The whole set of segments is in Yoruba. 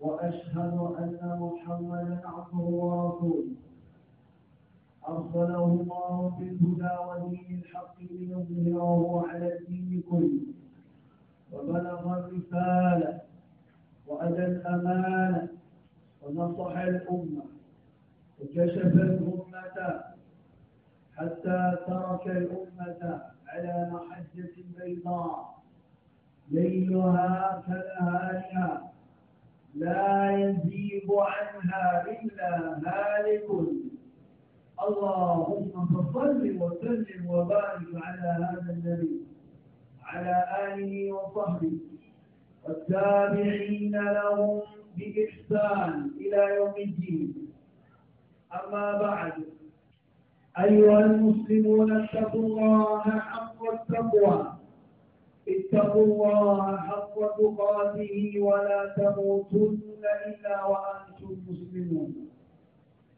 وأشهد أن محمدا عبده ورسوله أرسله الله بالهدى ودين الحق ليظهره على الدين كله وبلغ الرسالة وأدى الأمانة ونصح الأمة وكشف الأمة حتى ترك الأمة على محجة بيضاء ليلها كنهارها لا يزيد عنها إلا هالك اللهم فصل وسلم وبارك على هذا النبي على آله وصحبه والتابعين لهم بإحسان إلى يوم الدين أما بعد أيها المسلمون اتقوا الله حق التقوى اتقوا الله حق تقاته ولا تموتن إلا وأنتم مسلمون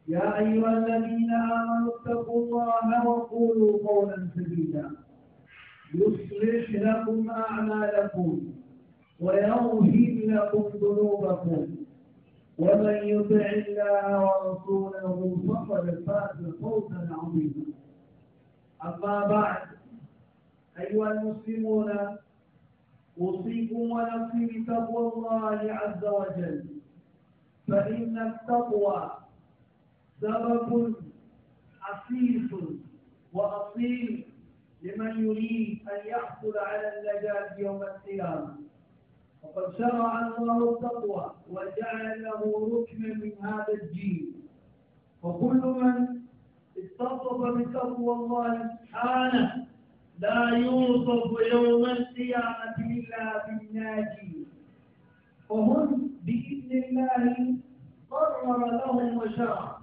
يا أيها الذين آمنوا اتقوا الله وقولوا قولا سديدا يصلح لكم أعمالكم ويغفر لكم ذنوبكم ومن يطع الله ورسوله فقد فاز فوزا عظيما أما بعد أيها المسلمون أوصيكم ونفسي بتقوى الله عز وجل فإن التقوى سبب حسيس وأصيل لمن يريد أن يحصل على النجاة يوم القيامة وقد شرع الله التقوى وجعل له ركنا من هذا الدين وكل من اتصف بتقوى الله سبحانه لا يوصف يوم القيامة إلا بالناجي وهم بإذن الله قرر لهم وشرع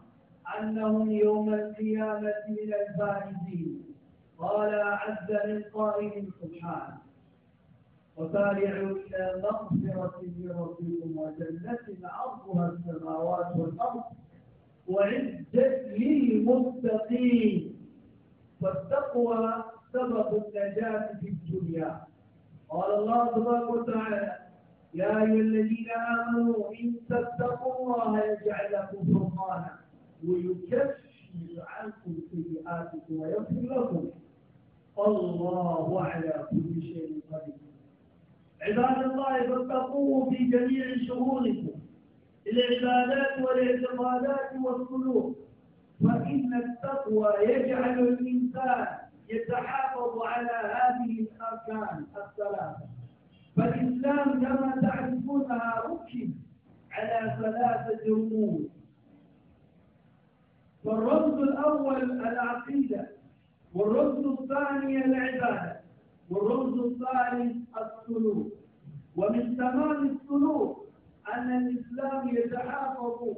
أنهم يوم القيامة من الفائزين قال عز من قائل سبحان وسارعوا إلى مغفرة من ربكم وجنة عرضها السماوات والأرض وعدت للمتقين فالتقوى سبب النجاة في الدنيا قال الله تبارك وتعالى يا أيها الذين آمنوا إن تتقوا الله يجعل لكم فرقانا ويكفر عنكم سيئاتكم ويغفر لكم الله على كل شيء قدير عباد الله فاتقوه في جميع شؤونكم العبادات والاعتقادات والسلوك فإن التقوى يجعل الإنسان يتحافظ على هذه الأركان الثلاثة فالإسلام كما تعرفونها ركب على ثلاثة رموز فالرمز الأول العقيدة والرمز الثاني العبادة والرمز الثالث السلوك ومن تمام السلوك أن الإسلام يتحافظ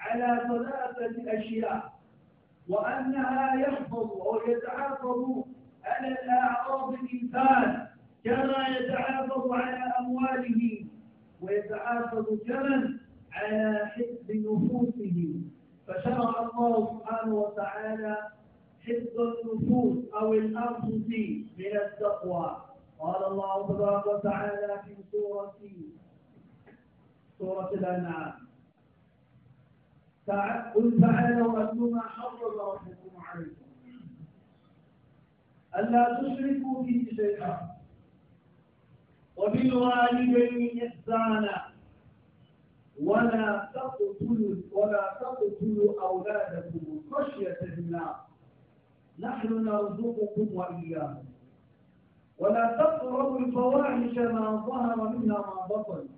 على ثلاثة أشياء وأنها يحفظ أو يتحفظ على الأعراض الإنسان كما يتحافظ على أمواله ويتحافظ كمن على حفظ نفوسه فشرع الله سبحانه وتعالى حفظ النفوس أو الأنفس من التقوى قال الله تبارك وتعالى في سورة سورة الأنعام قل تعالوا أتل ما حرم ربكم عليكم ألا تشركوا به شيئا وبالوالدين إحسانا ولا تقتلوا ولا تقتلوا أولادكم خشية النار نحن نرزقكم وإياهم ولا تقربوا الفواحش ما ظهر منها ما بطن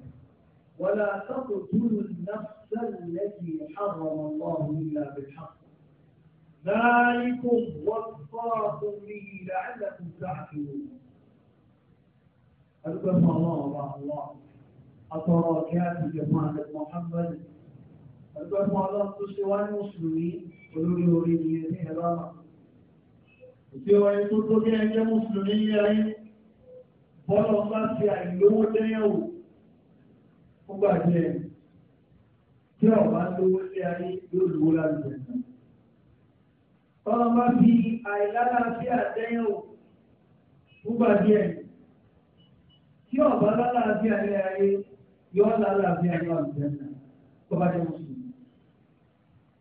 ولا تقتلوا النفس التي حرم الله إلا بالحق ذلكم وصاكم به لعلكم تعقلون أذكر الله الله أتراكات جماعة محمد أذكر الله سوى المسلمين olórí orí ni ẹni ẹlọ́nà. Òtí ọ ẹni tó tó bí ẹjẹ́ Mùsùlùmí ní ayé, tí ọba lówó lé ayé yóò lówó lálùjẹ náà. Tọ́lá bá fi àìlálàáfíà dẹ́yìn ò fúgbà díẹ̀. Tí ọba lálàáfíà lé ayé yóò lálàáfíà ní àlùjẹ náà tó bá jẹ́ mùsùlùmí.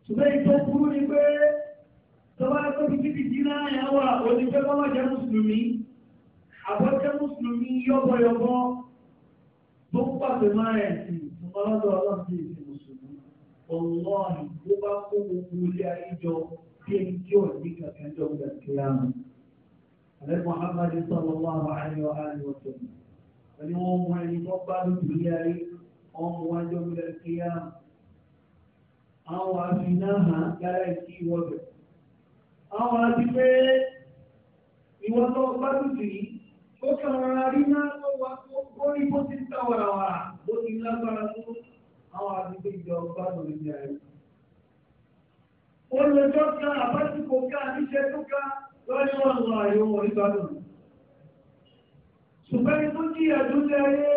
Ṣùgbọ́n èyí tó burú ni pé tọ́ba tó fi títí dí náà yà wà onífẹ́ bọ́lá jẹ́ mùsùlùmí. Àbọ̀jẹ́ mùsùlùmí yọ́bọ̀yọ̀bọ̀ tó pàṣẹ máa ẹ̀sìn ìtumọ̀ lọ́dọ̀ ọlọ́run sí ọlọ́ọ̀nì tó bá kó gbogbo ilé ayé jọ bí ẹni tí ò ní kankan jọ gbà kíláàmù. Àlẹ́ Muhammad sallallahu alaihi wa alihi wa sallam. Wọ́n ní wọ́n mú ẹni tó bá lùdù ilé ayé, wọ́n mú wọn jọ gbà kíláàmù. Àwọn àfihàn hàn lára ìsí Àwọn àti pé ìwọ́n tó bá lùdù yìí, ó kàn rárá rí náà lọ́wọ́ bó ní bó ti ń tàwàràwàrà àwọn àdúgbò ìjọ gbádùn ní ayé. olùjọ́ ká àbásìkò ká níṣẹ́ tó ká lọ́yọ́ ọ̀nà àyẹ̀wò orí gbádùn. ṣùgbọ́n ní tó jí àdúgbò ayé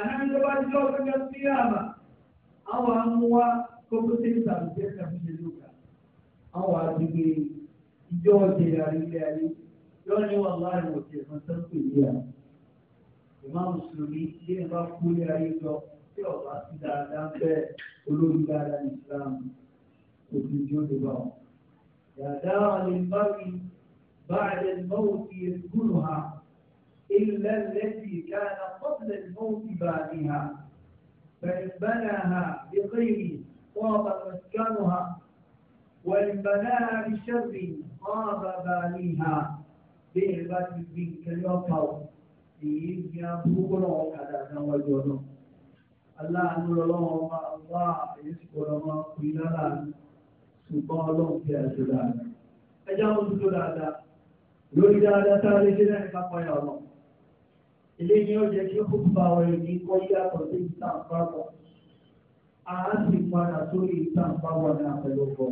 àyànjọba jọ gbẹgbẹ sí àmà àwọn amúwa kókó tí ń sàbùjẹ sàbùjẹ lóka àwọn àdúgbò ìjọ ọ̀jẹ̀ àrílẹ̀ ayé lọ́ni wà láàrin òkè kan tó ń pè ní à. ìmáàmù ìbá kú ní ayé jọ. tí ọ̀pá ti dáadáa fẹ́ olórí dáadáa ní Islam òfin tí ó lè bá wọn. dáadáa àlè mbáwí بعد الموت يذكرها إلا التي كان قبل الموت بعدها فإن بناها بخير طاب مسكنها وإن بناها بشر طاب باليها بإعباد من كل يوم èyí ni a burúkú náà ọ̀kadà náà wájú ọlọ́run. aláàánú lọ́wọ́ ọba wá èyí sì kọ́ ọmọ ọkùnrin lára ṣùgbọ́n ọlọ́run fi àṣẹ dáadáa. ẹjọ́ àwọn tó tó dáadáa lórí dáadáa sáré lé lẹ́yìn pápáyà ọ̀nà. ilé ni ó jẹ́ kí ó kókó bá ọ̀rẹ́ ní kọ́ yíyàtọ̀ sí ìtàǹpá pọ̀. a sì padà sórí ìtàǹpá wà ní àpẹlọpọ̀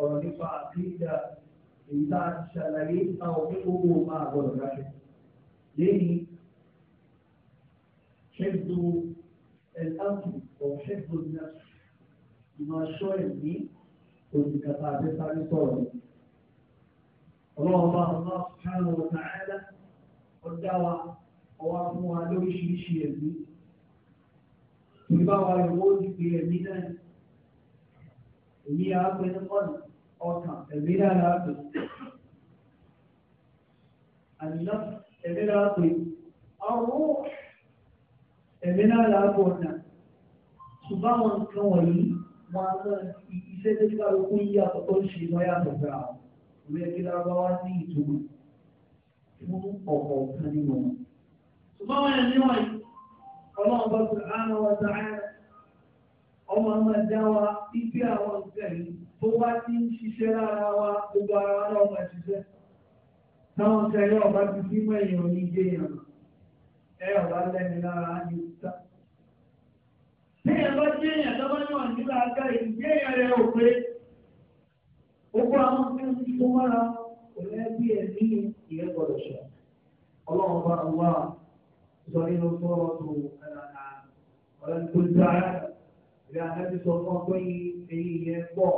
ọ̀rọ̀ nípa àkíńdà èyí tá a ṣàlàyé táwọn ní gbogbo máa gbọdọ̀ dáṣẹ́. lẹ́yìn ṣẹ́gun ẹ̀dáàbò ọ̀ṣẹ́gun ní máa ṣọ́ ẹ̀mí olùkàtà àbẹ́sáré sọ̀rọ̀. ọlọ́run bá ọlọ́run kárọ̀ ọ̀tà ẹ̀dá ọjà wa ọwá fún wa lóríṣiríṣi ẹ̀mí. ìbáwa ìwọ òdìgbé ẹ̀mí náà èmi àápẹ́ ní mọ́nà ọkàn ẹ̀mí náà láàbò. àná ẹ̀mí náà pè ọ̀rọ̀ ẹ̀mí náà làábọ̀ ọ̀nà ṣùgbọ́n àwọn nǹkan wọ̀nyí wọn náà iṣẹ́ tó ti bá lókun yí àtọ̀tọ̀ ṣe lọ́yà àtọ̀gbà ìwé ẹgbẹ́ lárúbáwá ní ìtumọ̀ fún ọ̀pọ̀ kan nínú wọn. ṣùgbọ́n wọn ẹ̀mí wọ̀nyí ọlọ́run bá ti rán wọn sáárẹ̀ ọmọ ọmọ ẹ̀dá wa ibi àwọn nǹkan yìí tó bá ti ń ṣiṣẹ́ lára wa gbogbo ara wa náà ọmọ ìṣiṣẹ́ táwọn kẹrẹ́ ọba ti fi mọ́ ẹ ọ̀rọ̀ lẹ́ni lára ní ìta. Téèyàn bá jẹ́ èèyàn lọ́wọ́ náà nígbà aká ìgbé èèyàn rẹ̀ ò pé gbogbo àwọn tí wọ́n ti fún mọ́ra kò lẹ́bí ẹ̀ ní ìyẹn gbọ́dọ̀ ṣe. Ọlọ́run bá wà sọ nínú sọ́rọ̀ tó ọ̀rẹ́ tó dára ìrẹ́ àdájú sọ fún ọgbẹ́ yìí èyí yẹn pọ̀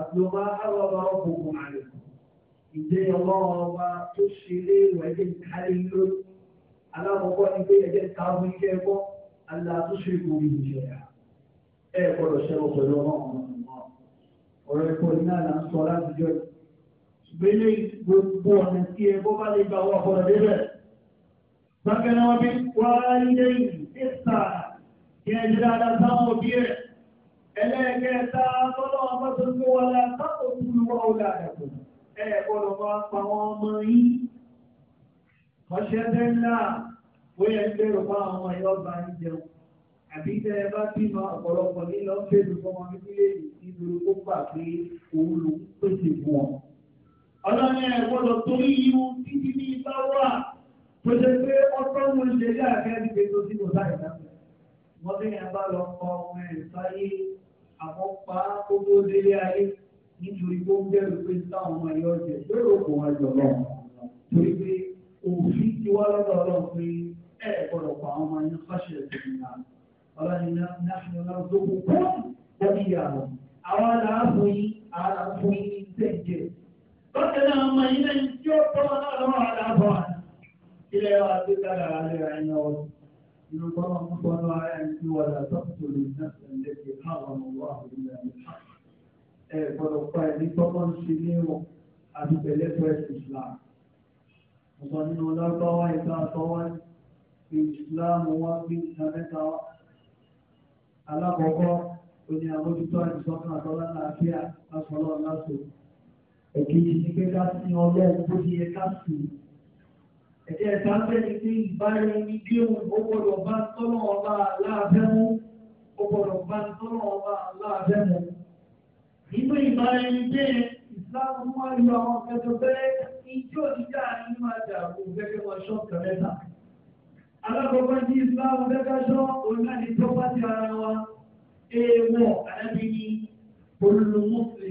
àti ọba àrọ̀bà ọ̀gbọ̀gbọ̀ àlè. Ìjẹ́ ọlọ́run ọba tó ṣe lé ìwẹ́jẹ̀ kárí lórí alákọ̀ọ́kọ́ ni pé ẹjẹ́ káàbù ike ẹ̀kọ́ aláàtúnṣe kò rí ìṣẹ̀yà ẹ gbọ́dọ̀ ṣẹlẹ̀ pẹ̀lú ọlọ́run ọ̀rọ̀ ẹ̀kọ́ iná là ń sọ láti jọ ìgbélé gbogbo ọ̀nà tí ẹ̀kọ́ bá lè gba owó àkọ́rọ̀ débẹ̀ bákan náà bí wáyé ìsà kí ẹ jẹ́ dáadáa sáwọn òbí rẹ̀ ẹlẹ́ẹ̀kẹta tọ́lọ́ ọ̀ṣẹ́dẹ́ ńlá ó yẹ ń bẹ̀rù fún àwọn ẹ̀yọ́ bá ń jẹun àbí tẹ́ ẹ bá bímọ ọ̀pọ̀lọpọ̀ nílọ ń bẹ̀rù fún wọn nílé ìdúró kó gbà pé òun ló ń pèsè fún wọn. ọlọ́run ẹ̀ gbọ́dọ̀ torí irun títí ní ibà wà tó ṣe pé ọtọ́ mo ṣe ní àkẹ́rì gbèsò tí mo láì dábẹ́. wọ́n bí yẹn bá lọ kọ ọmọ ẹ̀ sáyé àwọn pa kókó délé ayé nítorí kó ń bẹ̀rù pé táwọn ọmọ ẹ̀yọ́ òfin ti wá lọ́dọ̀ ọlọ́run pé ẹ gbọ́dọ̀ pa àwọn ọmọ yẹn fáṣẹ ìgbìmọ̀ ọlọ́run náà tó kú kú bọ́bí ìyàwó àwọn aláàfo yìí aláàfo yìí ní tẹ̀jẹ̀. lọ́sẹ̀ náà ọmọ yìí náà tí ó tọ́wọ́ náà lọ́wọ́ aláàfo wa ilẹ̀ wa alẹ́ rẹ̀ ń lọ inú bọ́lá ń bọ́ lọ tí wọ́n dà tọ́kùtù lè ná ẹ̀ǹdẹ́gbẹ̀ ń ṣe ní ìwọ̀n àti ọ̀sọ̀ nínú lọ́gbọ́wọ́ ìgbà àtọwọ́ ìsìláàmù wọn bí ìsàmẹ́ta alákọ̀ọ́kọ́ oní àmójútó àìsọ́kàn àtọ́lá àlàáfíà lásọ̀lọ́ lásò èkejì ní pé ká sí ọlọ́run tó fi yẹ ká sí ẹ̀jẹ̀ ẹ̀ka ń bẹ̀rẹ̀ pé ìbára ẹni bí òun ó gbọ́dọ̀ bá tọ́lọ̀ ọba aláàfẹ́ mú ó gbọ́dọ̀ bá tọ́lọ̀ ọba aláàfẹ́ mú nínú ìbára ẹni bẹ́ẹ̀ láti mú ìlú àwọn kẹtọ pé ijó jíjà yìí máa dà kó gẹ́gẹ́ wọn ṣọ kẹmẹta alákọọkọ ní islam gẹ́gẹ́ ṣọ onáni tó bá ti ara wa èèwọ̀ àdábìyí olùlù mùsùlùmí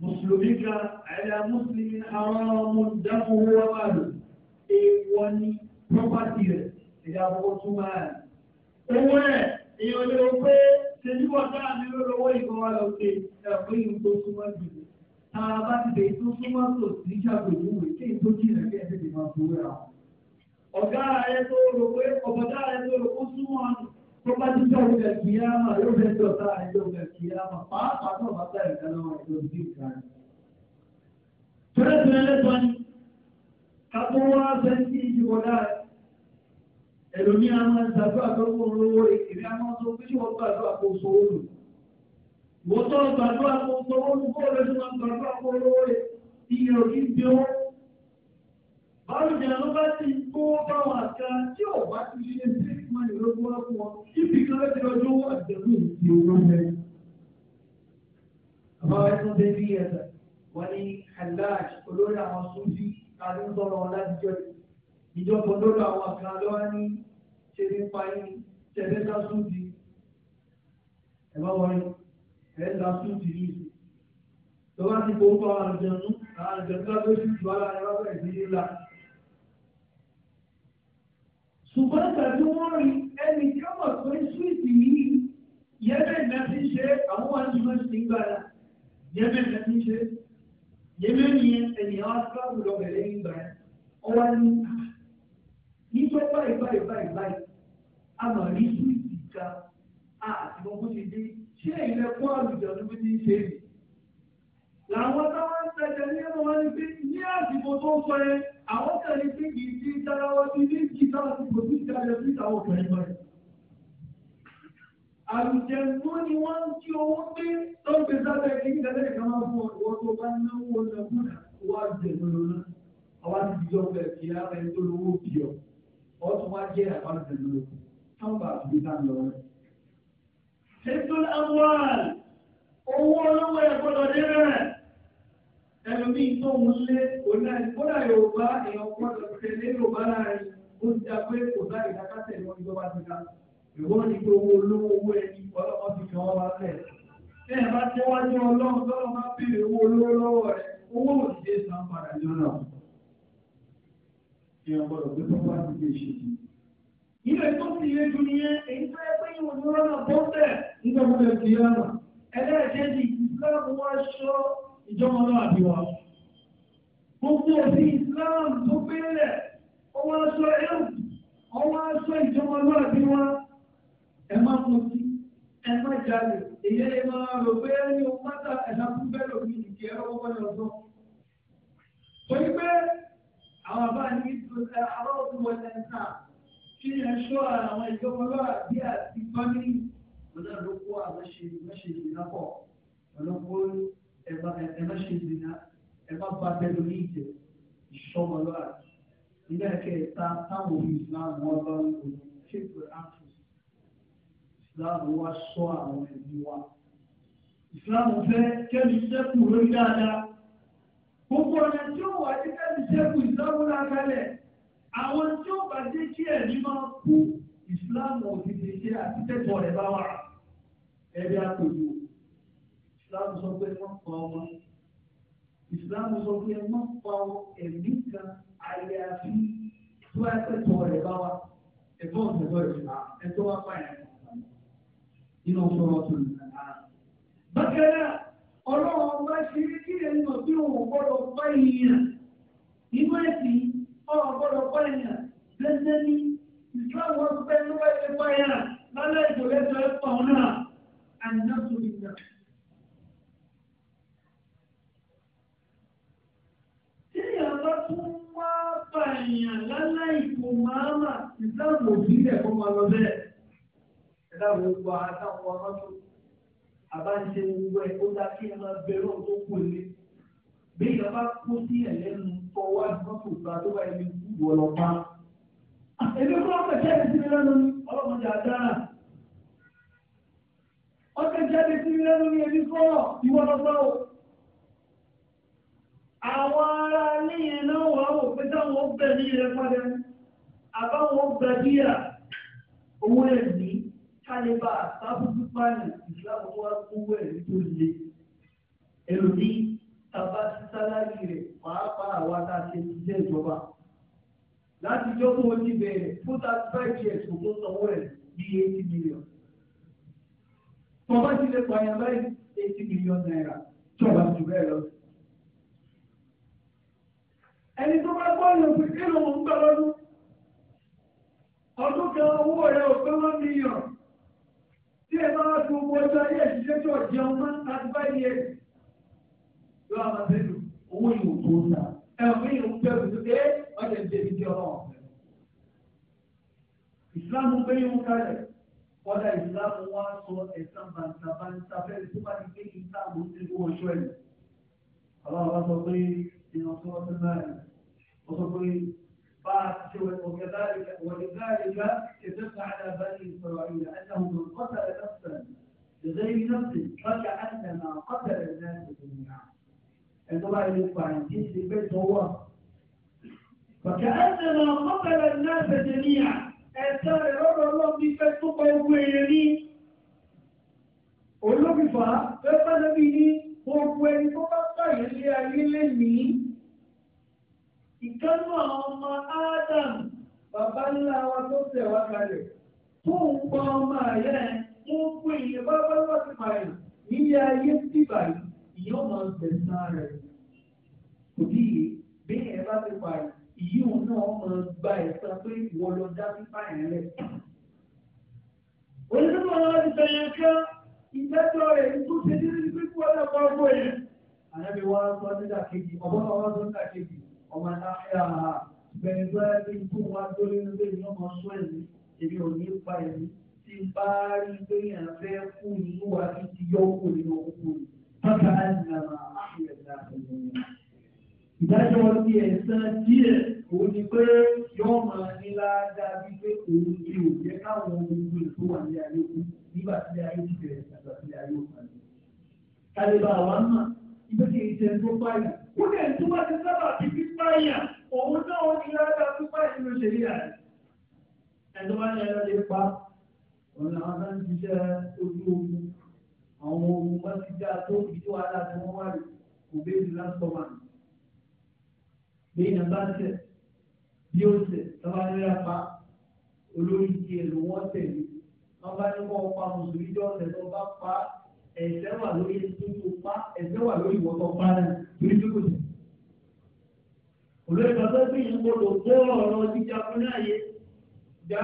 mùsùlùmí kan àyà mùsùlùmí àwọn ọmọ dákun wọn wà lò èèwọ̀ ní pọ́pátì rẹ̀ ẹ̀yà àkọ́kọ́ tún máa rẹ̀ owó rẹ̀ èèyàn lè wọ pé ṣèjú ọjọ́ àmì lọ́wọ́ ìbọn wa lọ ṣe ẹ̀fọ́ ìlú tó súnmọ́ jùlọ. Tààrà bá ti dé tó súnmọ́ tò sí ṣàgbéyìí wò kí n tó jìnà kí ẹ tètè máa fowó ra. Ọ̀gá rẹ̀ tó rò pé ọ̀gá rẹ̀ tó rò ó súnmọ́ Tó bá ti tọ́ ìgbà kìíyàmà yóò fẹ́ tọ́ ta ẹjọ́ ìgbà kìíyàmà pàápàá tó bá tẹ̀ ẹ̀ka náà ẹjọ́ ìdí ìka rẹ̀. Tọ́lẹ̀ tó ẹlẹ́tọ́ ni, wá sẹ́ńtì ìjìbọ̀dá ẹlòmí àwọn ìgbàdúrà tó kó lówó ìrìn àwọn tó fi ṣe wọn gbàdúrà kó sówó lò wọ́n tọ́ gbàdúrà kó sówó lò kó lè tún gbàdúrà kó lówó iye òkè gbé wọn. báwo ni àwọn bá ti kó báwọn àga tí ò bá ti ṣe sí ìmọ̀lẹ̀ lógún fún wọn ibi kan ti lọ́jọ́ wà jẹ̀lú ìdí owó rẹ̀. àbá wa tún dé wọ́n ní aláàjì olórí àwọn sójú ìjọba lórí àwọn àgbà lọ́wọ́ ní ṣẹlẹ̀ ń parí ní ṣẹlẹ̀ ń di ẹ̀bá wọlé ẹ̀ ń dásùn di ní ìsìn. lọ́wọ́ ti kó ń pa àwọn àjẹmú àwọn àjẹmú lábẹ́ oṣù tí wàhálà ẹ̀ wábẹ̀ ìdílé la. ṣùgbọ́n ìgbà tí wọ́n rí ẹni tí wọ́n mọ̀ pé súwìtì yìí yẹ́bẹ̀ ìgbà tí ń ṣe àwọn wà ní ìmọ̀ sí ìgbà yà yẹ́bẹ̀ ìgbà tí ń ṣe yẹ́bẹ̀ ìyẹn ẹ̀yìn àwọn nígbà báyìí báyìí báyìí báyìí a mọ̀ rí súwìtì kan a àti wọn bó ṣe dé ṣé ìlẹ̀ fún àlùjọ ní bí ti ń ṣe rè làwọn táwọn ń tẹ̀lé ní ẹ̀rọ wọn ni pé ní àsìkò tó ń sọ yẹn àwọn tẹ̀lé pé kì í ti dárawọ́ sí ní ìjìká àsìkò tí ìjà yẹ sí ìtàwọn ọkùnrin lọ yẹn. àlùjẹ̀nú ni wọ́n ń kí owó pé tó ń gbé sábẹ́ kí ń tẹ̀lé ìkan máa fún ọ tó bá ní owó lọ́gbọ̀n wá jẹ̀nu lọ́nà àwọn àti ìjọba ẹ̀ kí á rẹ̀ tó lówó bì ọ́ ọtún wá jẹ́ àwọn àgbẹ̀lú táwọn bá fi dá lọ rẹ̀. Ṣètòlá wọ́n owó olówó ẹ̀kọ́ lọ dé rẹ̀. Ẹlòmíì tó ń lé kódà Yorùbá èèyàn gbọ́dọ̀ tẹ̀lé Yorùbá láàrin ó ń dá pé kò dá ìdákàtẹ̀ wọn ìjọba ti dá. Ìwọ́n ní pé owó olówó owó ẹni ọlọ́kọ́ ti fi wọ́n wá lẹ̀. Ṣé ẹ bá tẹ́wájú ọlọ́run tọ́lọ́ máa bèèrè owó olówó lọ́wọ́ rẹ̀? Owó òṣìṣẹ́ san padà jọ náà èèyàn gbọ́dọ̀ gbé pápá ti lè ṣe jù. ilé tó ti lé ju nìyẹn èyí tó yẹ pé ìwọ̀n ní rọ́nà bọ́ọ̀tẹ̀ nígbà tó lè fi rọ́nà ẹlẹ́ẹ̀kejì ìsìláàmù wá ṣọ́ ìjọba náà àbí wa. gbogbo òfin ìsìláàmù tó gbélẹ̀ ọwọ́ aṣọ ẹ̀rù ọwọ́ aṣọ ìjọba náà àbí wa. ẹ má mú sí ẹ má jalè èyí ẹ máa rò pé ẹni o pátá ẹ̀dá fún bẹ́ẹ̀ lòmìnì kí ẹ àwọn bá ní ìtòsí àrọ́ọ̀tún wọlé náà kí ni ẹ̀ṣọ́ àwọn ìjọba bí àti fámìlì ọ̀nà ló kó àwọn ṣe mẹ́ṣe ìdìnnà pọ̀ ọ̀nà kó ẹ̀mẹ́ṣe ìdìnnà ẹ̀má bá bẹ́ẹ̀ lórí ìjẹ́ ìṣọ́mọlúwà ilé ẹ̀kẹta táwọn òbí Islam wọn bá ń lò ṣètò àtúnṣe Islam wa sọ àwọn ẹbí wa Islam fẹ́ kẹ́mi sẹ́kù lórí dáadáa. Gbogbo ọ̀nà tí ó wà ní kẹ́mi ṣẹ́kù ìsìlámù lágbálẹ̀. Àwọn tí ó bá dé kí ẹ̀mí máa kú ìsìlámù òdìdí ṣe àti tẹ́tọ̀ rẹ̀ bá wà. Ẹ̀rí àpòjù. Ìsìlámù sọ pé wọ́n pa ọmọ. Ìsìlámù sọ pé wọ́n pa ẹ̀mí kan àyàfi tó ẹ̀ tẹ́tọ̀ rẹ̀ bá wà. Ẹ̀gbọ́n ọ̀sẹ̀gbọ́ ìṣúná ẹ̀tọ́ wá pààyàn. Inú ọ̀sọ̀rọ̀ tó nìkan náà ọlọ́run bá ṣe é kí ẹ mọ̀ pé òun gbọ́dọ̀ pa èèyàn nínú ẹ̀sìn ọ̀rọ̀ gbọ́dọ̀ pa èèyàn lẹ́sẹ̀ ní ìsìláàmù ọ̀pẹ ló bá ṣe pa èèyàn lálẹ́ ìjọlẹ́sọ ẹ̀pọ̀ náà àyìnàtò ìgbà. tí ìyàwó tún wá pa èèyàn lálẹ́ ìkò máàmà ìsìláàmù òbí rẹ̀ kó máa lọ bẹ́ẹ̀ ẹ̀dá gbogbo àtàwọn ọlọ́tún àbáṣe owó ẹ ó dá kí ẹ máa bẹ̀rù tó kù lé bí ìjọba kú sí ẹlẹ́nu tó wá mọ́tò gba tó bá ẹni kú wọ lọ pa. èmi kúrò pẹ̀lú ẹni sí mi lẹ́nu ni ọlọ́mọdé àdára ọ̀sẹ̀ jáde sí mi lẹ́nu ni ẹni sọ̀rọ̀ ìwọ lọ́gbọ́ o. àwọn ará níyẹn náà wà wò pé táwọn ó bẹ̀ ní ilẹ̀ padà àbáwọn ó gbàdíyà owó ẹ̀ ní kálíbà sábùkù pààyàn ìsìláàmù tó wá kówó ẹ̀ tó le ẹlòmí tàbá sí sálárì rẹ̀ pàápàá àwa tá a ṣe ti jẹ́ ìjọba láti jọ́ kó o ti bẹ̀rẹ̀ fún thirty five years kò tó sanwó rẹ̀ bí eighty million tọ́ba ti lè pààyàn báyìí eighty million naira tọ́ba ti bẹ́ẹ̀ lọ. ẹni tó bá gbọ́ ọ̀nà pé kí ló ń gbọ́ lọ́dún ọdún kan owó rẹ̀ ò pé wọ́n mílíọ̀nù tí ẹ máa tún owó ọjọ́ ayé ẹ̀ṣiṣẹ́ tó jẹun máa ń ta bá yẹ lọ àwọn abẹ́lú owó ìwò tó ń ta ẹ̀wọ̀n mi ìwò tó ẹ̀rù lókè ọ̀jẹ̀ ń débi jẹ́ ọ̀rọ̀ ọ̀fẹ́. ìsìláàmù gbé yín kalẹ̀ kọ́dà ìsìláàmù wá sọ ẹ̀sán bàǹtà bàǹtà fẹ́ẹ́ tó bá ti gbé ìsìláàmù sí owó ọjọ́ ẹ̀ وكذلك ولذلك كتبت على بني إسرائيل أنه من قتل نفسا بغير نفس فكأنما قتل الناس جميعا عندما يدفع عن في البيت هو فكأنما قتل الناس جميعا أتاري رب الله في بيت هو ويلي olókìfà fẹ́fẹ́ lẹ́bí ní ìkánú àwọn ọmọ Ádámù bàbá ńlá wa tó tẹ̀ wá kalẹ̀ tó ń ọmọ àyẹ́ ẹ̀ tó ń pè é bábá bá ti ayé sí báyìí ìyá ọmọ gbẹ̀sán rẹ̀ kò díye bí ẹ bá ti pààyàn ìyá òun náà máa gba ẹ̀sán pé ìwọ lọ dá sí pààyàn rẹ̀. onídùúgbò wọn ti bẹ̀rẹ̀ ká ìdájọ́ rẹ̀ tó ṣe dé pípọ́ ọ̀dà pàápọ̀ yẹn. àyàbí wa sọ nígbà kejì ọ̀bọ̀n wa sọ nígbà kejì ọmọ aláfíà bẹ̀rẹ̀ tó ẹ́ bí kú wá lórí nílé ní ọmọ sọ ẹ̀mí èmi ò ní pa ẹ̀mí tí n bá rí pé yàn fẹ́ kú inú wa ti ti yọ kó nínú òkú rẹ̀ bàbá àyìnbá àfihàn náà ẹ̀mí ìdájọ́ ti ẹ̀sán díẹ̀ òun ni pé yóò máa ní ládàá bí pé òun ti ò jẹ́ káwọn ohun èlò wà ní ayé kú nígbà tí ayé ti bẹ̀rẹ̀ àgbà tí ayé ò pàdé. Kálíbà àwọn àmà ibi ẹni tó bá ní ẹran lè pa ọ̀nà àwọn bá ń ṣiṣẹ́ ojú ogun àwọn ogun bá ti dá tó ìdí wàhálà tí wọ́n wà kò béèrè lásán wà ní. bí èèyàn bá tẹ̀ bí ó tẹ̀ tọ́ba nílẹ̀ pa olórí tiẹ̀ ló wọ́n tẹ̀lé wọ́n bá ní kọ́ pa mùsùlùmí jọ ọ̀sẹ̀ tó bá pa ẹ̀sẹ̀ wà lórí tuntun pa ẹ̀sẹ̀ wà lórí ìwọ́tọ̀ pa náà torí tó kò tẹ̀. olórí kan tó gbìyànjú kó lò tó já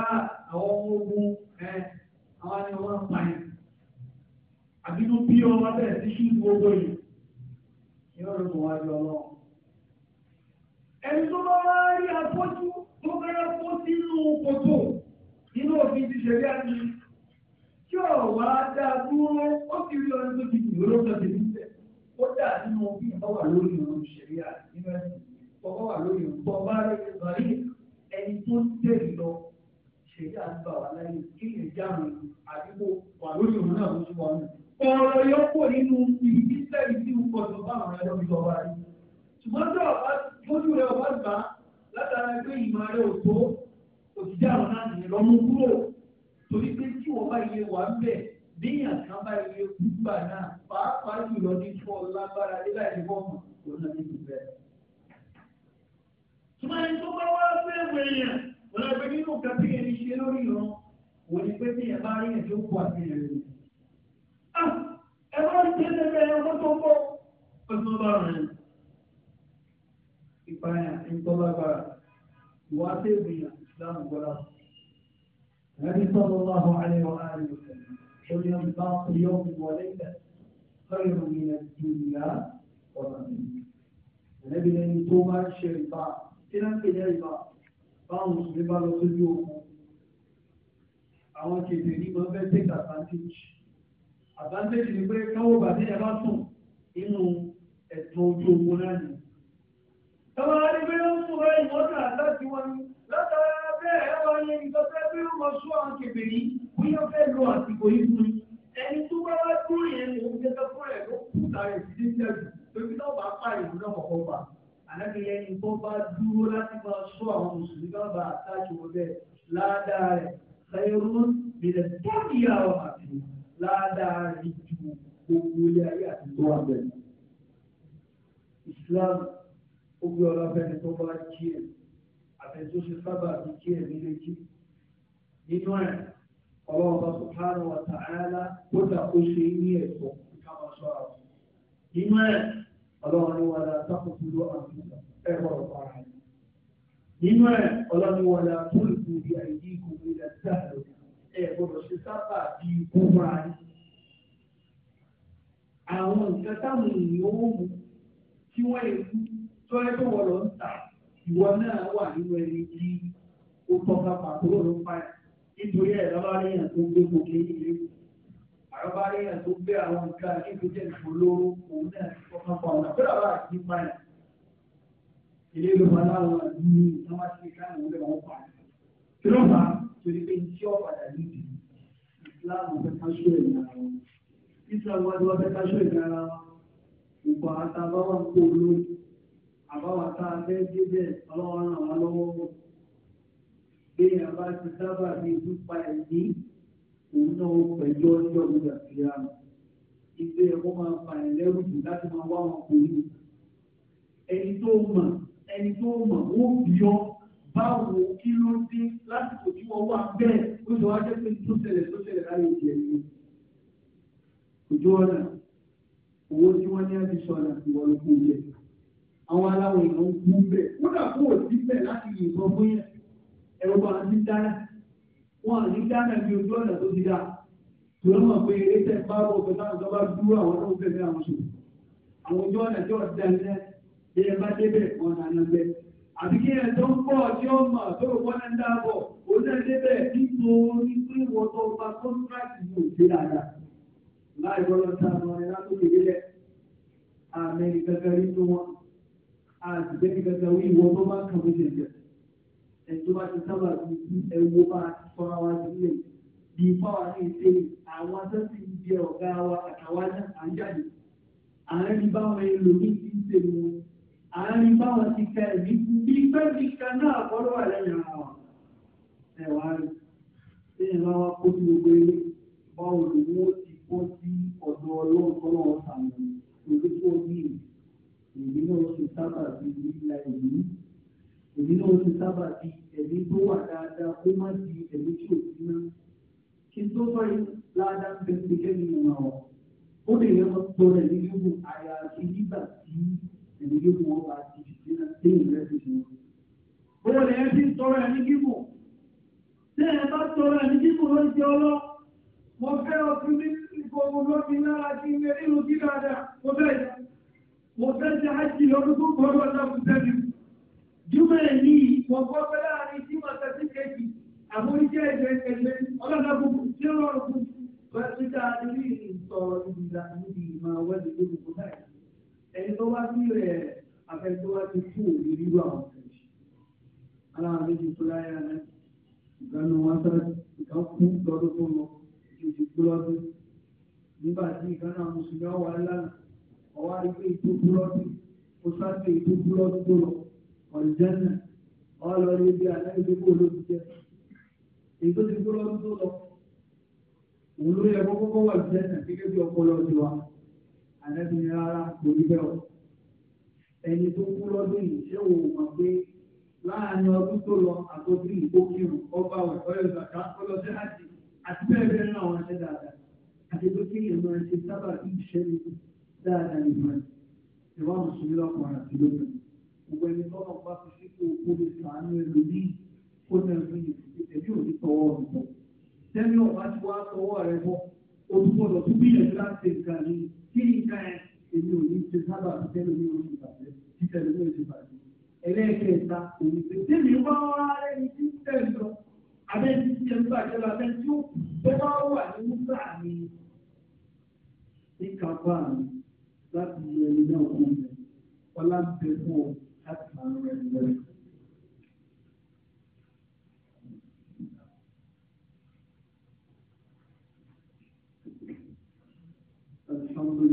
àwọn ọmọ ogun ẹ àwọn ni wọn ń pààyàn àbínú bí ọmọ bẹ́ẹ̀ ti ṣú gbogbo yìí ni wọn lọ mọ wájú Ọlọ́run. ẹni tó bá wá rí afọ́jú tó fẹ́rẹ́ kó sínú kòtò nínú òfin ti ṣẹlẹ̀ àti tí ò wá dá dúró ó ti rí ọdún tó ti dùn lọ́sọ̀ tèmi tẹ̀ ó dà nínú òfin ìfọwà lórí òun ṣẹlẹ̀ àti nínú ẹni ìfọwà lórí òun tó bá rẹ̀ ẹni tó tẹ̀lé lọ ṣèlú àgbà wà láyé kí lè jáwé àdúgbò wà lórí òun náà lójú wa nù. ọ̀rọ̀ yóò pọ̀ nínú ìdí sẹ́yìn tí ó kọjú báwọn ẹ̀rọ mi lọ́wọ́ ayé. ṣùgbọ́n tó ọ̀bá lójú rẹ̀ ọ̀bá gbà látara pé ìmọ̀ rẹ̀ ò tó òṣìṣẹ́ àwọn náà nìyẹn lọ́mú kúrò torí pé tí wọ́n bá yẹ wà ń bẹ̀ níyàn kan bá yẹ gbígbà náà pàápàá jùlọ ní fọ́ lágbára níláìsí ní ìgbẹ́. ṣùgbọ́n ẹni wọn lọ pé nínú nǹkan tí yẹn ṣe lórí wọn wọ́n ní pé tí yẹn bá rí yẹn tó kú àti yẹn lórí. ẹ bá rí tí yẹn bẹ́ẹ̀ ọkọ tó kọ́ ó tún bá rìn. ìpayà ń tọ́ lágbára ìwà tẹ́ẹ̀bù yẹn ìsìlámù gbọ́dọ̀. النبي صلى الله عليه وآله وسلم قل ينطاق يوم وليلة خير من الدنيا وما النبي لن يتوب الشيطان إلى الإجابة báwọn mùsùlùmí bá lọ sójú ogun àwọn kèdè ní máa fẹ́ take advantage advantage ni pé káwọ́ bàtí ẹ bá sùn nínú ẹ̀tọ́ ojú ogun náà ni. Tọ́wọ́ arígbé ó ń sọ̀rọ̀ ìmọ̀tà láti wọn ni látara bẹ́ẹ̀ ẹ wọ iye ìtọ́jú pé ó máa sún àwọn kèdè ní bóyá fẹ́ lo àsìkò yìí fún mi. Ẹni tó bá wá dúró yẹn lòún jẹ́ sọ́kúrẹ̀ ló kú tààrẹ̀ sí ànábi ẹni tó bá dúró láti máa sọ àwọn mùsùlùmí bá bá àtàjù ọbẹ̀ ládàá rẹ̀ lẹ́rú nílẹ̀ tó ní àwọn àti ládàá rẹ̀ ju gbogbo ilé ayé àti tó wà bẹ̀rẹ̀. Islam ó gbé ọlọ́fẹ́ni tó bá jí ẹ̀ àtẹ̀tọ́ ṣe sábà fi jí ẹ̀ nílé jí. Nínú ẹ̀ ọlọ́run bá subhanahu wa ta'ala kódà ó ṣe ní ẹ̀sọ́ ká sọ àwọn. Nínú ẹ̀ ọlọ́run ní wàlá tákùtù ló àti ẹ̀rọ ọ̀pára yìí. nínú ẹ̀ ọlọ́run wàlá tóòlù bí àìdí ikú ilẹ̀ tí a lò ẹ̀ gbọ́dọ̀ ṣe sábà bí ikú máa rí. àwọn nǹkan táwọn ènìyàn ó mú tí wọ́n lè kú tó ẹ tó wọ̀ lọ ń tà ìwọ náà wà nínú ẹni tí ó tọ́ka pàtó ló ń nítorí ẹ̀ lọ́wọ́ àríyàn tó ń gbé kòkè nílé ìlú àbá yẹn tó gbé àwọn nǹkan ìgbésẹ̀ ìfòlóró òun náà ti fọkàn pa ọ̀nà pé àbá àti nípa ẹ̀ ilé ló máa láwọn ní ìtọ́wá sí káwọn ìwé wọn pa ẹ̀ kí ló máa torí pé iṣẹ́ ọ̀padà nídìí ìsìláàmù fẹ́ ká ṣó ìyá wọn ìsìláàmù wọn ni wọ́n fẹ́ ká ṣó wọn gbogbo àtà báwa ń kó lórí àbáwá tá a fẹ́ débẹ̀ ọlọ́wọ́ òun náà pẹ̀jọ́ ọjọ́ ìgbà tí a mọ̀. Ìgbé ẹ̀kọ́ máa fa ẹ̀lẹ́rù jù láti máa wá wọn kò ní. Ẹni tó mọ̀ ẹni tó mọ̀ ó bí ọ báwo kí ló dé lásìkò tí wọ́n wà bẹ́ẹ̀ ó sọ wájú pé tó ṣẹlẹ̀ tó ṣẹlẹ̀ láyé ìdí ẹ̀yìn. Òjò ọ̀nà owó tí wọ́n ní àti sọ̀rọ̀ ìwọ̀n ló kú jẹ. Àwọn aláwọ̀ èèyàn ń kú bẹ̀. Wọ́n dà kó òsì bẹ̀ láti yìnbọn fún yẹn. Ẹ̀rọ wọn ní dáná bí ojú ọ̀nà tó ti dá tó mọ̀ pé ètò ẹ̀fọ́ àbọ̀ pẹ̀lú àwọn ọba dúró àwọn tó ń fẹ́ bí àwọn sùn àwọn ojú ọ̀nà tí ọ̀dà ẹ̀ ẹ̀ ẹ̀ bá débẹ̀ wọn nà lọ bẹ́ẹ̀ àbí kí ẹ̀ tó ń bọ̀ tí ó mọ̀ tó rò wọ́n ń dábọ̀ òun náà débẹ̀ nítorí pé wọ́n tó bá kọ́ńtrákì yóò dé dáadáa láì bọ́lọ́ ta ẹjọ́ bá ti sábà fi sí ẹwọ́ bá ti fọ́nra wa sílẹ̀ bí fáwa ní ìṣe àwọn asẹ́sì ń jẹ ọ̀gá wa àtàwọn àjáde àárín báwọn ẹlòmíì ti ń ṣèlú wọn àárín báwọn ti ka ẹ̀mí bí pẹ́ẹ́bí kan náà fọ́lọ́ wà lẹ́yìn ara wọn ẹ̀wà rẹ̀ lẹ́yìn bá wa kó sí gbogbo ilé báwo ni wọ́n ti kọ́ sí ọ̀dọ̀ ọlọ́run tọ́lọ́ wọn sàmì lórí fún ọdún ìlú náà ṣe sábà fi ní ilà ìlú èmi náà ti sábà di ẹ̀mí tó wà dáadáa kó má di ẹ̀mí tí ò sí náà kí n tó bá yín ládàá bẹ pé kẹ́mi mọ̀ náà ó lè yẹ kó tọrọ ẹ̀mí yóò àyà àti nígbà tí ẹ̀mí yóò wọ́n bá ti dìde náà téèyàn rẹ̀ ti ó lè yẹ kí n tọrọ ẹ̀mí gígùn tí ẹ̀ bá tọrọ ẹ̀mí gígùn ló ń jẹ ọlọ́ mo fẹ́ ọtún ní ìfowópamọ́ lọ́ọ̀kì náà àti ìrìn kí dáadáa mo fẹ́ mo fẹ́ júmọ̀ ní ìwọ̀gbọ́ pẹ́ láàrin tí wọ́n tẹ́sí kejì àmóríjẹ́ ẹgbẹ́ ẹgbẹ́ ọlọ́dọ̀ gbogbo tí ó rọrùn fún bá tó dáa níbi ìsọ ìgbìlà níbi ìmọ̀ wẹ́lẹ̀ lórí kò báyìí ẹni tó wá sí rẹ̀ afẹ́tọ́ wá ti kú òní rírú àwọn ọ̀sẹ̀ aláwọ̀ méjì tó láyà rẹ̀ ìgbàanú wọn sọ̀rọ̀ ìkan kú lọ́dún tó lọ ìdí kú lọ́dún nígbà tí ìkan náà mùsùlùmí ọwọ́ alá ọwọ́ àrígbé ìtó kú lọ́dún ó sá ọ̀jẹ́nà ọlọ ní ibi àtẹ́gbẹ́ kó ló ti jẹ́ èyí tó ti kú lọ́dún tó lọ òun ló yẹ kókó kó wà jẹ́nà gẹ́gẹ́ bí ọpọlọ ti wa àtẹ́gbẹ́ rárá kò rí bẹ́ẹ̀ o ẹni tó kú lọ́dún yìí ṣé o mọ̀ pé láàárín ọdún tó lọ àtọ́jú ìgbókìrùn ọba ọ̀rẹ́ ìgbàgbá ọlọ́sẹ́ àti àti bẹ́ẹ̀ bẹ́ẹ̀ náà wọn ṣe dáadáa àti pé kí èèyàn máa ṣe sábà bí ìṣẹ́ni dáadáa nìkan ìwà mùsùlùmí lọ́kùnrin àti lóbìnrin gbogbo ẹni tọ́lọ̀ bá fi sípò kó lè sàánú ẹlòmíì kó náà fi ẹbí ò ní tọwọ́ rẹ̀ bọ̀. sẹ́ni ọ̀gá ti wá tọwọ́ rẹ̀ bọ̀ o tún gbọ́dọ̀ tún gbìyànjú láti nǹkan ní kí nǹkan ẹ̀ èmi ò ní ṣe sábà fi tẹ́lẹ̀ mi ò ní ìbàjẹ́ tí tẹ́lẹ̀ mi ò ní ìbàjẹ́. ẹlẹ́ẹ̀kẹta òní pé tẹ́mi wá wá ẹni tí ń tẹ̀ lọ abẹ́ni tí ẹ ń bàjẹ́ lọ abẹ́ni tí ó tó wá wà ní wúgbà mi ní kápá mi láti ẹni náà kú ọlá الحمد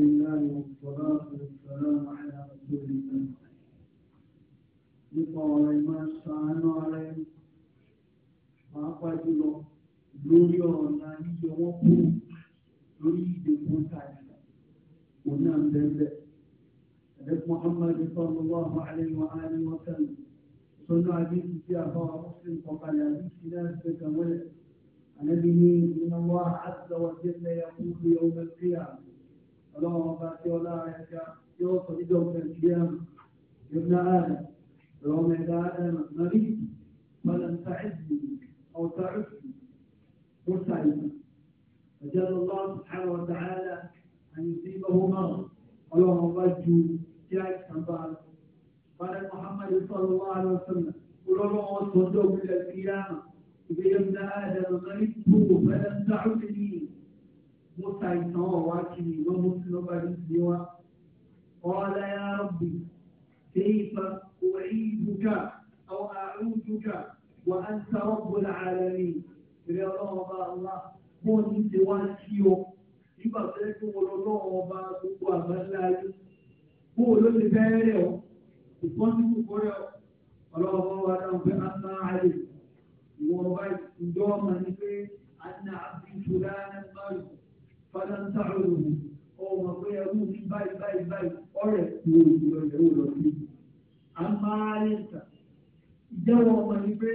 لله والصلاة والسلام على رسول الله nípa ọ̀rọ̀ ìmọ̀ ṣàánú ara ẹni pàápàá jùlọ lórí ọ̀nà yíyọ wọ́n kú lórí ìdè fún tàìsàn òun náà bẹ́ẹ̀ bẹ́ẹ̀. محمد صلى الله عليه وآله وسلم صلى عليه في أبا مسلم فقال أبي سنان فكمل عن أبيه إن الله عز وجل يقول يوم القيامة اللهم بارك ولا عليك يوصل يوم القيامة يا ابن آدم اللهم إذا آدم مريض فلم تعزني أو تعزني وسعدني فجل الله سبحانه وتعالى أن يصيبه مرض اللهم رجل قال محمد صلى الله عليه وسلم ولما وصلوا إلى القيامة إذا ابن آدم غلبت فلم تعدني موسى يسوى واكني ومسلم بالسوى قال يا ربي كيف أعيدك أو أعودك وأنت رب العالمين إلى الله الله هو سواك يوم يبقى لكم ولله وبارك وبارك kó o ló ti bẹ́ẹ̀ rẹ̀ ọ́ ìfọ́n tí kò kọ́rẹ́ ọ́ ọlọ́wọ́ wa dáhùn pé a máa àlè ìwọ báyìí ǹjọ́ ọmọ ní pé a ní àbí ìṣúra ní báyìí fada ń tà ó lòun ọmọ pé ẹrú ní báyìí báyìí báyìí ọ̀rẹ́ kú òòlù rẹ̀ lọ sí a máa àlè ìta ìjẹ́wọ́ ọmọ ní pé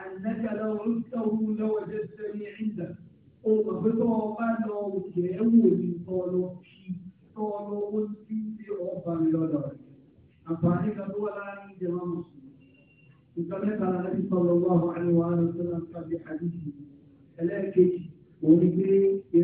àìnákàlà olùtọ́wù lọ́wọ́ jẹ́ sẹ́yìn ìdá ọmọ pé kọ́ bá lọ òkè ẹ̀wù òní kọ́ lọ tọwọ́ lọ́wọ́ tí ó bá mi lọ́dọ̀ rẹ̀. Àǹfààní kan tó wà láàrin ìjọba Mùsùlùmí. Nǹkan mẹ́ta lára ti sọ̀rọ̀ wá àwọn àríwá àlọ́sọ́lá tàbí àdìsí. Ẹlẹ́ẹ̀kejì, òun ni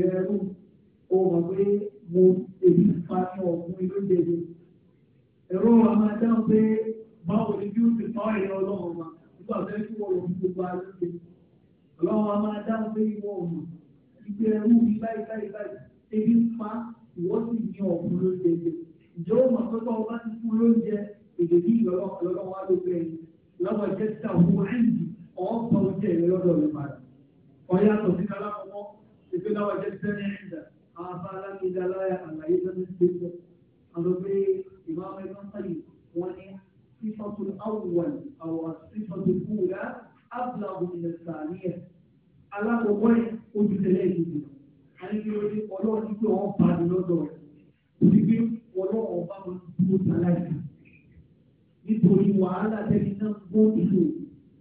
a ìwọ́n sì ní ọ̀gbun lóúnjẹ jẹ ìjọ ó mọ̀ pé tó ọba ti fún lóúnjẹ èdè bí ìlọ́lọ́ wa ló bẹ̀rẹ̀ lọ́wọ́ ìjẹ́ ti àwọn ẹ̀ǹdì ọ̀ọ́pọ̀ oúnjẹ rẹ lọ́dọ̀ rẹ padà ọ̀yàtọ̀ sí kalákọ̀ọ́ ìpè lọ́wọ́ ìjẹ́ ti sẹ́ni ẹ̀ǹdà àwọn afá alágbèdè aláya àlàyé tó ní ṣe sọ àwọn pé ìmọ̀ àwọn ẹ̀kọ́ sáyé ní àyíkéwòye ọlọ́run tí pé wọ́n bá mi lọ́dọ̀ rẹ̀ òbí pé ọlọ́run bá mi dúró sáláìsì nítorí wàhálà tẹ́lẹ̀ náà gbó ìlú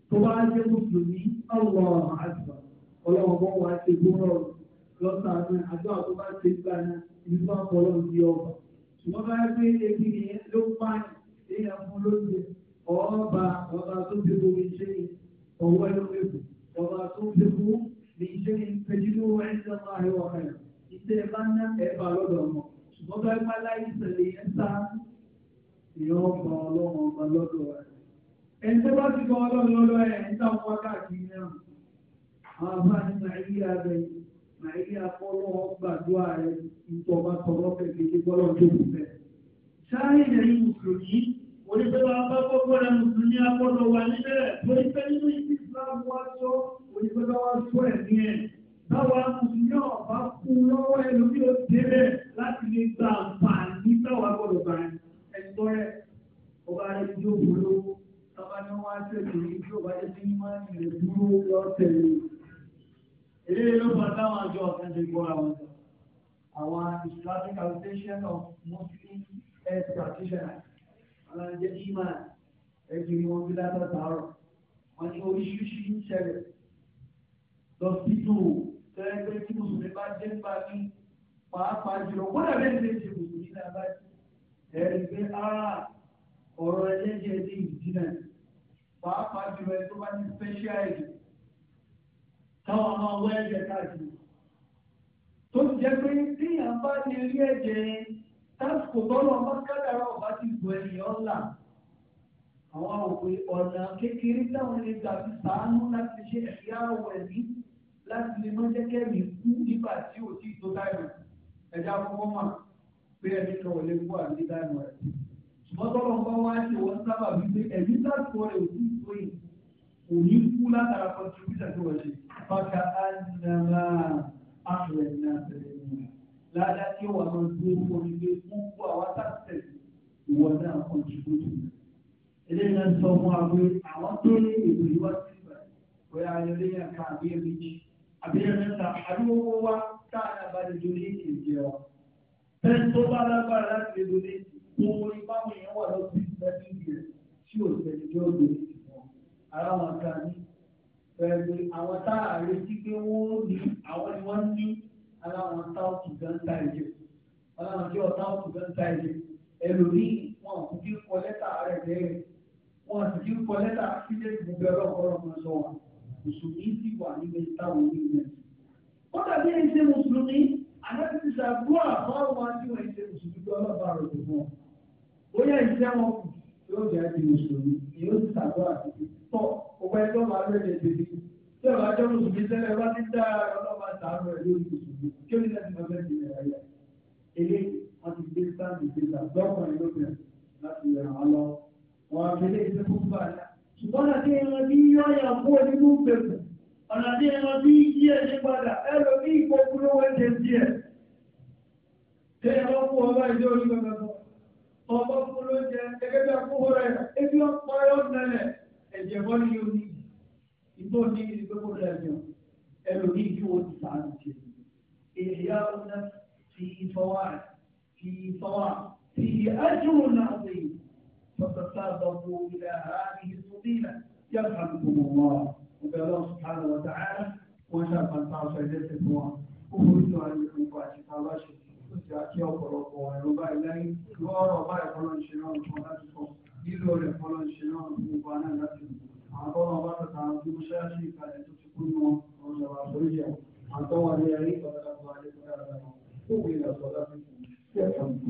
tó bá jẹ́ mùsùlùmí ọ̀wọ̀ àgbà ọlọ́run bọ́ wá ṣe gbóná lọ́sà náà àjọ àtó bá ṣe gbà náà ìlú bá kọ́ ọlọ́run di ọba ṣùgbọ́n bá yẹ tó ń fi gbogbo iṣẹ́ ọwọ́ ẹlòmíràn ọba tó ń fi gbogbo لشيء تجدوه عند الله هو خير ìtẹ̀bánná ẹ̀bà lọ́dọ̀ ọmọ ṣùgbọ́n bá ipá láyé ìṣẹ̀lẹ̀ yẹn sá ìyọ́ ọba ọlọ́run ọba lọ́dọ̀ rẹ̀. ẹni tó bá ti kọ́ ọlọ́run lọ́dọ̀ ẹ̀ ń tà wọ́n káàkiri náà àwọn bá ní nàìjíríà rẹ̀ nàìjíríà fọ́lọ́ gbàdúrà rẹ̀ ìtọ́ bá tọrọ fẹ̀ bọ́lọ́ tó kù fẹ́. sáyẹn ẹ̀yìn mùsùlùmí onígbẹ́wà bá gbogbo rẹ̀ mùsùlùmí agbọ́dọ̀ wà níbẹ̀ lórí pé nínú ìdí islam wá sọ onígbẹ́wà wá sọ ẹ̀mí ẹ̀ báwa mùsùlùmí ọ̀bá kú lọ́wọ́ ẹlòmí ò débẹ̀ láti lè gba àǹfààní báwa gbọ́dọ̀ bá ẹ̀tọ́ rẹ̀ ọba rẹ̀ tí ó wúlò ọba ní wọ́n á tẹ̀lé ní tí ọba rẹ̀ tí ń máa ń lè dúró lọ tẹ̀lé. Muslim Health Practitioners àwọn ẹ̀jẹ̀ ìmọ̀ ẹ̀jẹ̀ ni wọ́n fi látọ̀tà ọ̀rọ̀ wọ́n ní oríṣiríṣi ń ṣẹlẹ̀ lọ sí tù tẹ́lẹ̀ pé tí mùsùlùmí bá jẹ́ ń bá ní pàápàá jùlọ wọ́n dàbẹ́ ń lè ṣe mùsùlùmí náà bá jù ẹ̀rí pé ara ọ̀rọ̀ ẹlẹ́jẹ̀ ní ìdínà pàápàá jùlọ ẹ̀ bá ní special ed táwọn ọmọ ọwọ́ ẹ̀jẹ̀ káàkiri tó ti jẹ́ pé téèyàn bá ní rí ẹ̀jẹ̀ tásìkò tọ́lọ̀ bá kádàrá ọ̀bá ti bọ̀ ẹ̀yìn ọ̀la àwọn òwe ọ̀nà kékeré táwọn lè gbà fi sàánú láti ṣe ẹ̀yà ọ̀wọ̀ ẹ̀mí láti lè mọ́ jẹ́kẹ́ mi kú nígbà tí ò tí tó dáìmọ̀ ẹ̀já fọwọ́ mà pé ẹni kan ò lè kú àbí dáìmọ̀ rẹ̀ ṣùgbọ́n tọ́lọ̀ bá wá ṣe wọ́n sábà wípé ẹ̀mí tásìkò rẹ̀ ò tí tó yìí kò ní kú látara contribution tó wọlé bákan náà ládàá tí wọ́n máa gbé orílẹ̀ gbogbo àwọn táṣẹ̀ ìwọ náà kọ̀ǹtìbútù. eléyìí náà sọ fún wa pé àwọn tó ní ètò ìwà sí ìgbà bóyá ayọ̀lẹ́ yẹn ká àbí ẹ̀mí jì àbí ẹ̀mí ta àbí owó wa káàdà bá lè dorí èdè ọ. bẹ́ẹ̀ tó bá lágbára láti lè dorí owó ìbámu yẹn wà lọ́sí ìgbàdí ìgbẹ́ tí ò tẹ̀lé jọ́ dorí ìgbà. ara wọn kan ní pẹ̀lú àwọn táà retí pé wọ́n ní àwọn ni wọ́n ní aláwọn táwùtù gan ta ìjò aláwọn jọ táwùtù gan ta ìjò ẹlòmíì wọn kò kí kọ lẹ́tà rẹ̀ bẹ́ẹ̀ wọn kò kí kọ lẹ́tà sílẹ̀ gbogbo ọlọ́kọ̀ọ́rọ̀ kan sọ wọn mùsùlùmí ti wà níbi táwọn onímọ̀ ó dàbí ẹni ṣe mùsùlùmí àdájọ́ ti ṣàgbọ́ àbáwọn àti wọn ṣe mùsùlùmí ọlọ́ba rẹ̀ tó fún ọ bóyá ìṣẹ́ wọn yóò jẹ́ ti mùsùlùmí yóò ti ṣàgbọ́ àti tọ́ ọgbà ẹgbẹ́ wọn alẹ́ lè dèbí tí àtàrọ ẹ lórí ìṣòro kí ni láti máa bẹ́ẹ̀ ṣe ẹ̀yà ilé wọn ti gbé sáàmì ìgbésà lọ́kàn ẹ̀ lókè láti ràn án lọ. wọn àgbélé ìṣẹ́ fún bàjá. ṣùgbọ́n àti ẹran bí yọ ọyàn kú nínú gbèkù ọ̀nà àti ẹran bí yí ẹ̀ ní padà ẹ lọ bí ipò kúlówó ẹ̀jẹ̀ díẹ̀. ṣé ẹ bá kú ọba ìjọ orí gbẹgbẹ ọba kúló jẹ gẹ́gẹ́ bí akúwó rẹ ebi ọpọ ẹ ọ الريح والتعامل في إحياء النفس في فواعد في فواعد في أجر عظيم فتتابعوا إلى هذه الفضيلة يرحمكم الله وقال الله سبحانه وتعالى وشاف أن تعرف جلسة وفرد عن الأنفاق تعرفش وستعطي أقرب ورباء الليل ورباء فلان شنان وفرداتكم يدور فلان شنان وفرداتكم عبارة عبارة تعرفي مشاهدين فالتوشي كل من رجع عن طوال عليه صلى الله عليه وسلم قوم الى صلاتكم يرحمكم